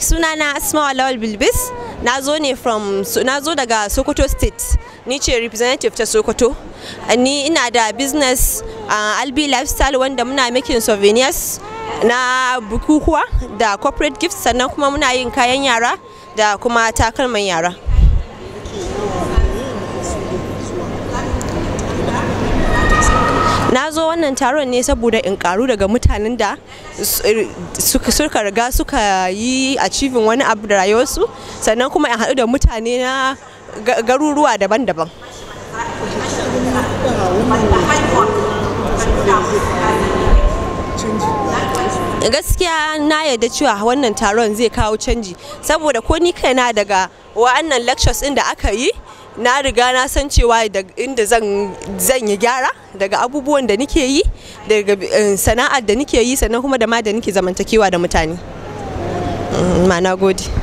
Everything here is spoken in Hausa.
suna na asma lawal bilbis na zo ne daga sokoto state ni ce representative ta sokoto ni ina da business uh, albi lifestyle wanda muna making souvenirs na bukukuwa da corporate gifts sannan kuma muna yin kayan yara da kuma takalman yara wannan taron ne saboda in karu daga mutanen da suka riga suka yi achieving wani abu da rayuwarsu sannan kuma in haɗu da mutane na garuruwa daban-daban gaskiya na yarda cewa wannan taron zai kawo canji saboda ko ni kaina daga wa'annan lectures ɗin da aka yi na riga na san cewa inda zan yi gyara daga abubuwan da nike yi daga eh, sana'ar da nike yi sannan kuma da ma da nike zamantakewa da mutane mm, ma na gode